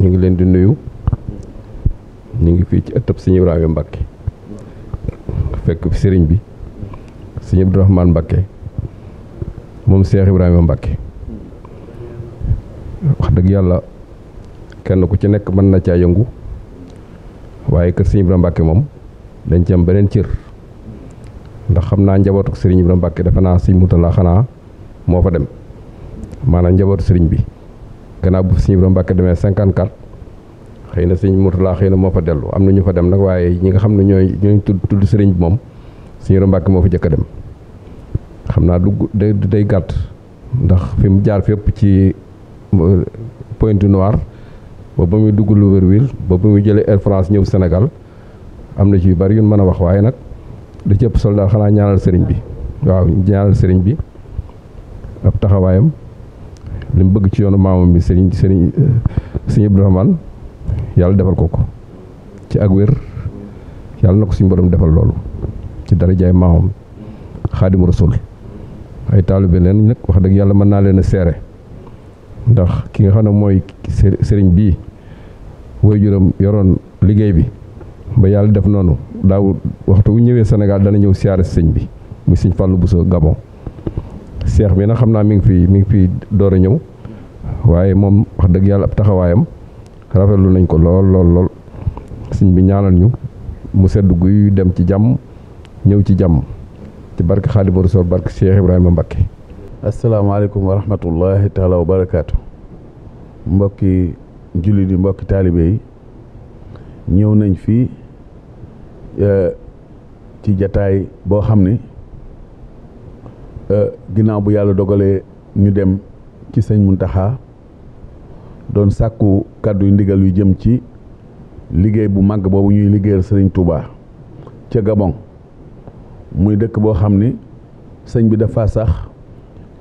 ñu ngi leen di nuyu ñu ngi fii ci ëttëb sëñ Ibrahima Mbacke fekk sëriñ bi sëñ Abdourahmane Mbacke moom Cheikh Ibrahima Mbacke dëgg yàlla kenn ku ci nekk mën na caa yëngu waaye kër Serigne bi Mbacke moom dañ ci beneen cër ndax xam naa njabootu Serigne bi Mbacke defe naa Serigne Moutalla xanaa moo fa dem maanaam njabootu Serigne bi gannaaw bu Serigne Ibrahima Mbacke demee 54 xëy na Serigne laa xëy na moo fa dellu am na ñu fa dem nag waaye ñi nga xam ne ñooy ñooy tudd tudd Serigne bi moom Serigne Ibrahima Mbacke moo fa jëkk a dem xam naa du day gàtt ndax fi mu jaar fépp ci Pointe Noire ba ba muy dugg Libreville ba ba muy jëlee Air ñëw senegal am na ci yu bari yu mën a wax waaye nag li ci ëpp solo daal xanaa ñaanal sëriñ bi waaw ñaanal sëriñ bi ab taxawaayam li bëgg ci yoonu maamam bi sëriñ sëriñ eh, sëriñ Abdourahmane yàlla defal ko ko ci ak wér na ko suñu borom defal loolu ci dara jaay maamam xaadimu rasul ay taalibe leen nag wax dëgg yàlla mën naa leen a seere ndax ki nga xam ne mooy sëriñ bii woy juróom yoroon liggéey bi ba yàlla def noonu daaw waxtu wu ñëwee Sénégal dana ñëw siyaare sëñ bi muy sëñ bu soo Gabon seex bi na xam naa mi ngi fi mi ngi fi door a ñëw waaye moom wax dëgg yàlla ab taxawaayam rafetlu nañ ko lool lool lool sëñ bi ñaanal ñu mu sedd guy dem ci jàmm ñëw ci jàmm ci barke Xaadimu Rasuul barke Cheikh Ibrahima mbakki asalaamaaleykum wa rahmatullahi taala wa barakaatu mbokki jullit yi mbokki taalibe yi ñëw nañ fii e, ci jataay boo xam ni e, ginaaw bu yàlla dogalee ñu dem ci sëñ Muntaxa doon sàkku kàddu ndigal yu jëm ci liggéey bu màgg boobu ñuy liggéeyal sëriñ Touba ca Gabon muy dëkk boo xam ni sëñ bi dafa sax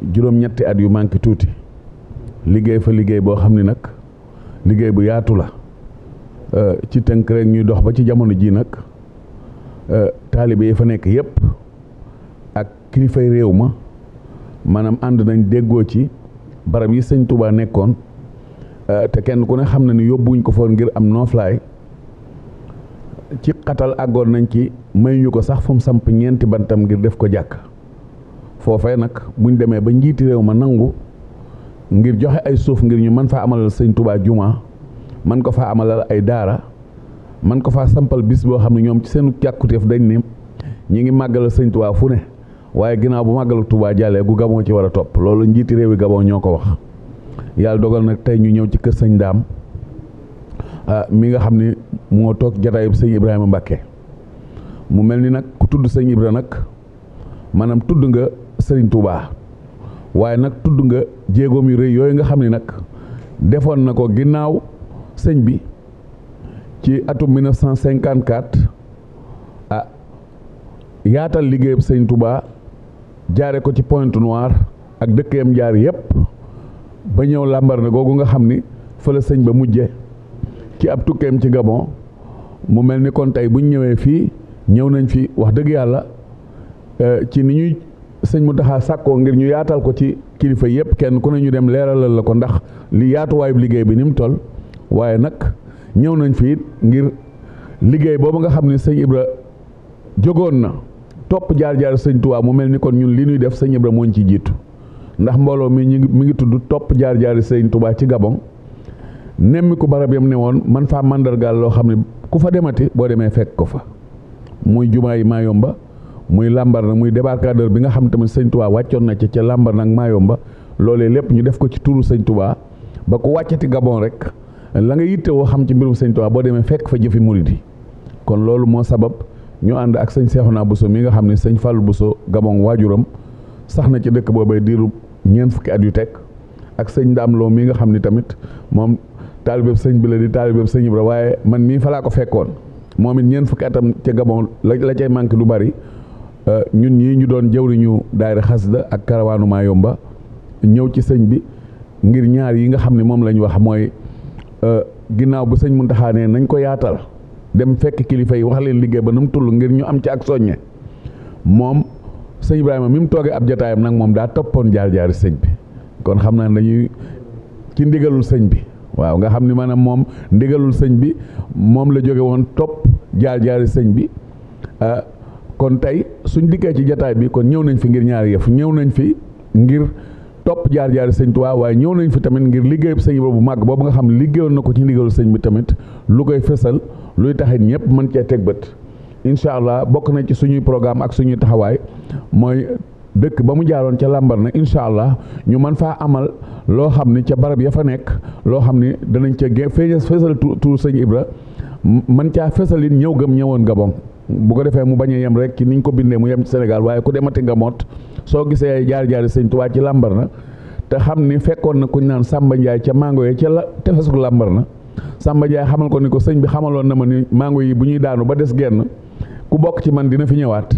juróom-ñetti at yu manqué tuuti liggéey fa liggéey boo xam ni nag liggéey bu yaatu la euh, ci tënk rek ñuy dox ba ci jamono jii nag euh, taalibe yi fa nekk yépp ak kilifay réew ma maanaam ànd nañ déggoo ci barab yi sëñ Touba nekkoon euh, te kenn ku ne xam na ni yóbbuwuñ ko foon ngir am nooflaay ci xatal àggoon nañ ci may ko sax fu mu samp ñeenti bantam ngir def ko jàkk foofee nag buñ demee ba njiiti réew ma nangu ngir joxe ay suuf ngir ñu mën faa amalal sëñ Touba juma man ko faa amalal ay daara man ko faa sampal bis boo xam ne ñoom ci seenu càkkuteef dañ ne ñi ngi màggalal sëñ Touba fu ne waaye ginaaw bu màggalu tubaa jàllee gu Gabon ci war topp loolu njiiti réewi Gabon ñoo ko wax yàlla dogal na tey ñu ñëw ci kër sëñ daam ah, mi nga xam ni moo toog jataayub sëñ Ibrahima Mbacke mu mel ni nag ku tudd sëñ Ibra nag Serigne Touba waaye nag tudd nga jéegoom yu rëy yooyu nga xam ni nag defoon na ko ginnaaw sëñ bi ci atum 1954 ah yaatal liggéeyam sëñ Touba jaare ko ci Pointe Noire ak dëkk jaar yépp ba ñëw làmbar na googu nga xam ni fa sëñ ba mujje ci ab tukkeem ci Gabon mu mel ni kon tey buñ ñëwee fii ñëw nañ fi wax dëgg yàlla eh, ci ni sëñ mu Mountakha sàkkoo ngir ñu yaatal ko ci kilifa yëpp kenn ku ne ñu dem leeralal la ko ndax li yaatuwaayu liggéey bi ni mu toll waaye nag ñëw nañ fiit ngir liggéey boobu nga xam ne sëñ Ibra jógoon na topp jaar-jaar sëñ Tuubaa mu mel ni kon ñun lii ñuy def sëñ Ibra mooñ ci jiitu ndax mbooloo mi ñu mi ngi tudd topp jaar-jaari sëñ Tuubaa ci Gabon nemmi ku barab yam ne woon man faa mandargaal loo xam ne ku fa demati boo demee fekk ko fa muy jumaa yi Mayumba muy làmbar nag muy débarcadeur bi nga xam tamit sëñ Touba wàccoon na ci ca làmbar nag Mayomba loolee lépp ñu def ko ci turu sëñ Touba ba ko wàccati Gabon rek la nga yitte woo xam ci mbirum sëñ Touba boo demee fekk fa jëfi murid yi kon loolu moo sabab ñu ànd ak sëñ bu Bousso mii nga xam ne sëñ fal bu soo Gabon waajuram sax na ci dëkk boobay diiru ñeent fukki at yu teg ak sëñ Ndam loo mi nga xam ne tamit moom taalibeeb sëñ bi la di taalibeeb sëñ Ibra waaye man mii fa laa ko fekkoon moom it ñeent fukki atam Gabon la la cay manqué du bari ñun ñii ñu doon jëwriñu xas xasida ak karawaanu yomba ñëw ci sëñ bi ngir ñaar yi nga xam ne moom la wax mooy euh, ginnaaw bu sëñ Muntaxa ne nañ ko yaatal dem fekk kilifa yi wax leen liggéey ba nu mu tull ngir ñu am ci ak soññe moom sëñ ma mi mu toogee ab jataayam nag moom daa toppoon jaar jaari sëñ bi kon xam naa dañuy ci ndigalul sëñ bi waaw nga xam ni maanaam moom ndigalul sëñ bi moom la jóge woon topp jaar jaari sëñ bi euh, kon tey suñ dikkee ci jataay bi kon ñëw nañ fi ngir ñaari yëf ñëw nañ fi ngir topp jaar-jaari sëñ Tuubaa waaye ñëw nañ fi tamit ngir liggéeyub sëñ Ibra bu màgg boobu nga xam liggéeyoon na ko ci ndigalu sëñ bi tamit lu koy fësal luy tax taxit ñëpp mën cee teg bët incha allah bokk nañ ci suñuy programme ak suñuy taxawaay mooy dëkk ba mu jaaroon ca làmbar na incha allah ñu man faa amal loo xam ni ca barab ya fa nekk loo xam ni danañ ca gé feeña fësal tu turu sëñ Ibra mën caa fësal ñëw gëm ñëwoon Gabon bu ko defee mu bañ a yem rek ci niñ ko bindee mu yem ci Sénégal waaye ku demati nga moot soo gisee ay jaari sëñ Tuubaa ci làmbar na te xam ni fekkoon na kuñ naan sàmba Ndiaye ca mango yi ca la tefesu làmbar na Samba Ndiaye xamal ko ni ko sëñ bi xamaloon na ma ni mango yi bu ñuy daanu ba des genn ku bokk ci man dina fi ñëwaat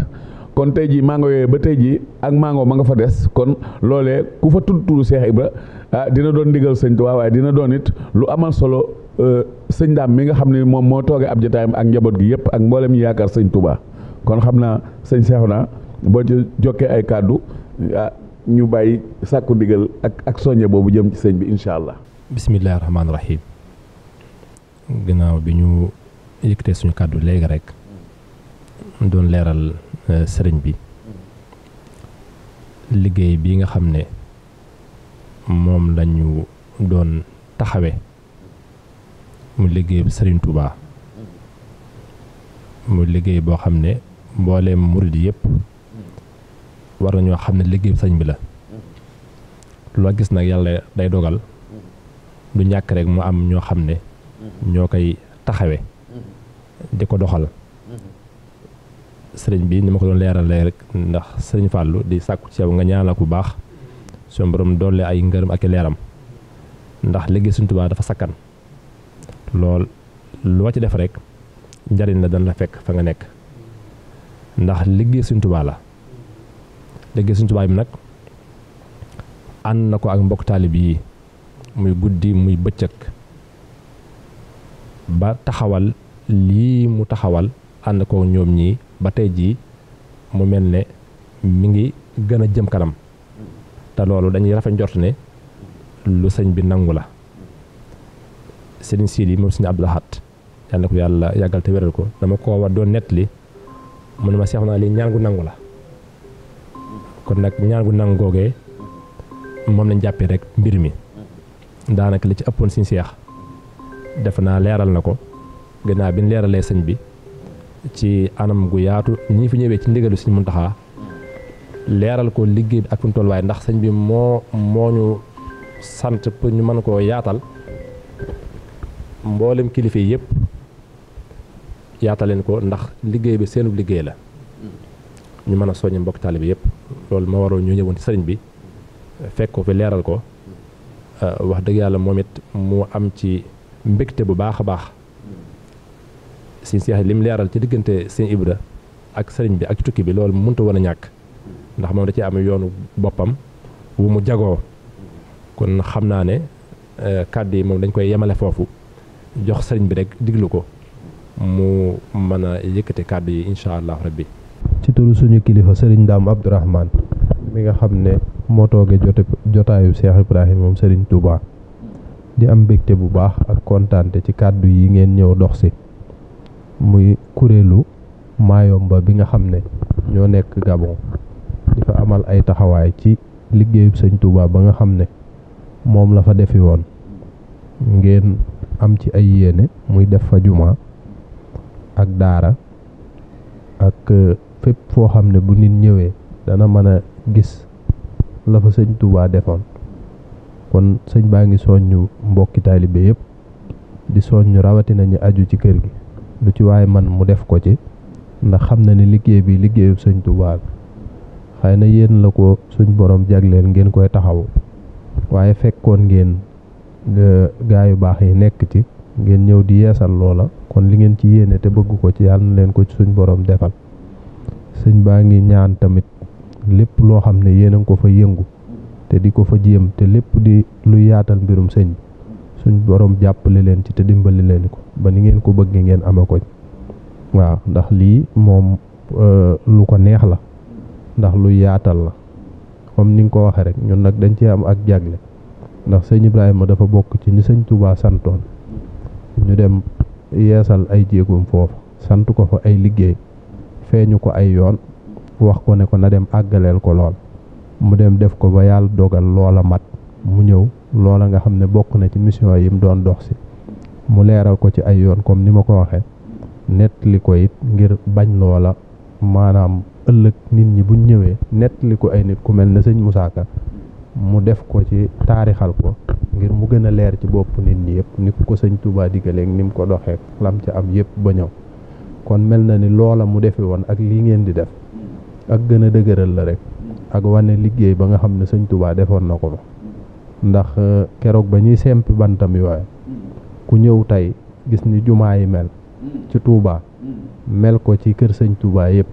kon tey jii mango yooyu ba tey jii ak mango ma nga fa des kon loolee ku fa tudd tudd Seex Ibra ah dina doon ndigal sëñ Tuubaa waaye dina doon it lu amal solo. Euh, sëñ daam mi nga xam ne moom moo toogee ab jotaayam ak njaboot gi yëpp ak mboolem ñu yaakaar sëñ Touba kon xam naa sëñ Seexuna boo ci jokkee ay kàddu ah, ñu bàyyi sàkku ndigal ak ak soññe boobu jëm ci sëñ bi incha allah. bisimilah rahmaani rahim ginnaaw bi ñu yëkkatee suñu kàddu léegi rek doon leeral euh, sëriñ bi liggéey bi nga xam ne moom lañu doon taxawe mu liggéey sëriñ Touba mu liggéey boo xam ne mbooleem murid yëpp war ñoo xam ne liggéey sëñ bi la loo gis nag yàlla day dogal lu ñàkk rek mu am ñoo xam ne ñoo koy taxawe di ko doxal sëriñ bi ni ma ko doon leeralee rek ndax sëriñ Fallou di sàkku ci nga ñaanal ku baax suñu borom doole ay ngërëm ak leeram ndax liggéey Sëriñ Tuubaa dafa sakkan lool loo ci def rekk njariñ la dana la fekk fa nga nekk ndax liggéey Sëñ Tuubaa la liggéey Sëñ Tuubaa bi nag ànd na ko ak mbokk taalib yi muy guddi muy bëccëg ba taxawal lii mu taxawal ànd ko ñoom ñii ba tey jii mu mel ne mu ngi gën a jëm kanam te loolu dañuy rafet njort ne lu sëñ bi nangu la Serigne Sidi moom Serigne Abdou Lahad yal na ko yàlla yàggal te wéral ko dama koo war doon nettali mu ne ma seex naa lii ñaan gu nangu la kon nag ñaan gu nangu googee moom lañ jàppee rek mbir mi daanaka li ci ëppoon Serigne Seex def naa leeral na ko gannaaw bi ñu leeralee sëñ bi ci anam gu yaatu ñi fi ñëwee ci ndigalu Serigne Mountakha leeral ko liggéey bi ak fu mu toll ndax sëñ bi moo moo ñu sant pour ñu mën koo yaatal mboolem kilifa yi yëpp yaataleen ko ndax liggéey bi seenu liggéey la ñu mën a soññ mbokk taalibe yëpp loolu moo waroon ñu ñëwoon ci sëriñ bi fekk ko fi leeral ko euh, wax dëgg yàlla moom it mu am ci mbégte bu baax a baax suñ seex lim leeral ci diggante seen Ibra ak sëriñ bi ak tukki bi loolu mënta woon a ñàkk ndax moom da ci am yoonu boppam wu mu jagoo kon xam naa ne euh, kàddu yi moom dañ koy yemale foofu jox sëriñ bi rekk diglu ko mu mën a yëkkate kàddu yi incha allah rabbi ci turu suñu kilifa sëriñ Daam Abdourahman mi nga xam ne moo tooge jote jotaayu Cheikh Ibrahima moom sëriñ Touba di am mbégte bu baax ak kontaante ci kàddu yi ngeen ñëw dox si muy kuréelu Mayomba bi nga xam ne ñoo nekk Gabon di fa amal ay taxawaay ci liggéeyub sëñ Touba ba nga xam ne moom la fa defi woon ngeen am ci ay yéene muy def fa jumaa ak daara ak euh, fépp foo xam ne bu nit ñëwee dana mën a gis la fa sëñ Touba defoon kon sëñ baa ngi soññu mbokki taalibe yépp di soññu rawatina ñu aju ci kër gi lu ci waaye man mu def ko ci ndax xam na ne liggéey bi liggéeyu sëñ Touba xëy na yéen la ko suñ boroom jagleen ngeen koy taxaw waaye fekkoon ngeen gaa yu baax yi nekk ci ngeen ñëw di yeesal loola kon li ngeen ci yéene te bëgg ko ci yàlla na leen ko ci suñ borom defal sëñ baa ngi ñaan tamit lépp loo xam ne yéen a ngi ko fa yëngu te di ko fa jéem te lépp di lu yaatal mbirum sëñ suñ boroom jàppale leen ci te dimbali leen ko ba ni ngeen ko bëgg ngeen ama ko waaw ndax lii moom euh, lu ko neex la ndax lu yaatal la comme ni nga ko waxee rek ñun nag dañ ci am ak jagle ndax sëñ Ibrahima dafa bokk ci ñi sëñ Touba santoon ñu dem yeesal ay jéegoom foofu sant ko fa ay liggéey feeñu ko ay yoon wax ko ne ko na dem àggaleel ko lool mu dem def ko ba yàlla dogal loola mat mu ñëw loola nga xam ne bokk na ci mission yi mu doon dox si mu leeral ko ci ay yoon comme ni ma ko waxee nettali ko it ngir bañ loola maanaam ëllëg nit ñi buñ ñëwee nettali ko ay nit ku mel ne sëñ Moussa mu def ko ci taarixal ko ngir mu gën a leer ci bopp nit ñi yëpp ni ko sëñ Touba digaleeg ni mu ko doxee lam ca am yëpp ba ñëw kon mel na ni loola mu defe woon ak lii ngeen di def ak gën a dëgëral la rek ak wane liggéey ba nga xam ne sëñ Touba defoon na ko ba ndax euh, keroog ba ñuy sempi bantam yooyu ku ñëw tey gis ni jumaa yi mel ci Touba mel ko ci kër sëñ Touba yëpp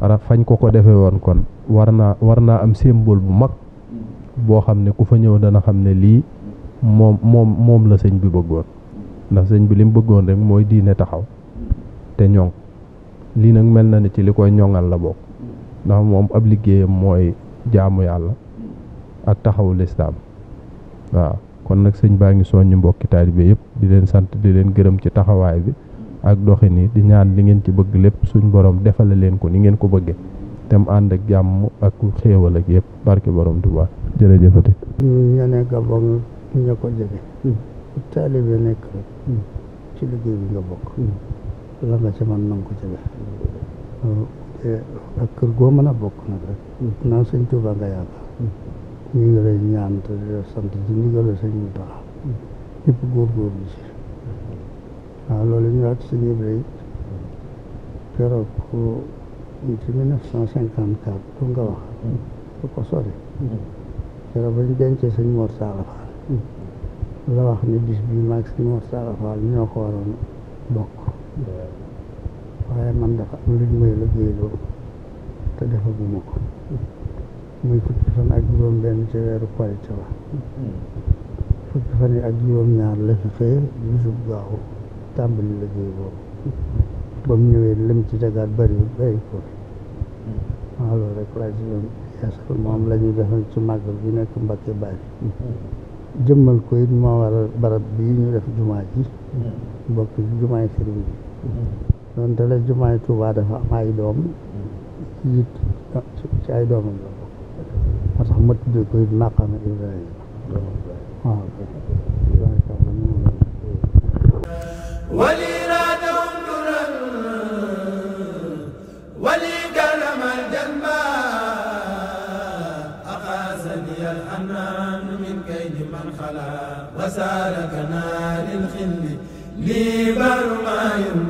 ara fañ ko ko defee woon kon war naa war naa am symbole bu mag boo xam ne ku fa ñëw dana xam ne lii moom moom moom la sëñ bi bëggoon ndax sëñ bi lim bëggoon rek mooy diine taxaw te ñoŋ lii nag mel na ni ci li koy ñoŋal la bokk ndax moom ab liggéeyam mooy jaamu yàlla ak taxawu lislaam waaw kon nag sëñ baa ngi soññu mbokki taalibe yëpp di leen sant di leen gërëm ci taxawaay bi ak doxin yi di ñaan li ngeen ci bëgg lépp suñu borom defale leen ko ni ngeen ko bëggee te mu ànd ak jàmm ak xéewal ak yëpp barke borom Tuubaa jërëjëfati ñu ne Gabon ñu ko jege hmm. taalibe nekk hmm. ci liggéey bi nga bokk hmm. la nga ci man nanga ko ci eh, ak kër goo mën a bokk nag rek naan sëñ Tuuba nga yaakaar ñu ngi lay ñaan te di sant ci ndigalu sëñ mu tax ñëpp ci waaw loolu ñu wax sëñ Ibrahima keroog entre 1954 pour nga wax bu ko sore keroog bañ dencee sëñ Mor Sala la wax ni dis bi maag sëñ Mor Sala ñoo ko waroon bokk waaye man dafa am luñ may liggéey loolu te defaguma ko muy fukki fan ak juróom benn ci weeru Korite ba mm. fukki fan yi ak juróom ñaar la fi xëy bisub gaaw tàmbali liggéey boobu ba mu ñëwee lim ci tegaat bëri bëri ko hmm. waaw loolu rek laa ci doon yeesal moom la ñuy defoon ci màggal bi nekk Mbacke Bari hmm. jëmmal ko it moo waral barab bii ñu def jumaa ji hmm. bokk ci jumaay sëriñ bi donte la jumaay Tuubaa ay doom it ah, ci ay doomam la bokk moo ma tuddee ko it وسار كنار الخل لي برمايم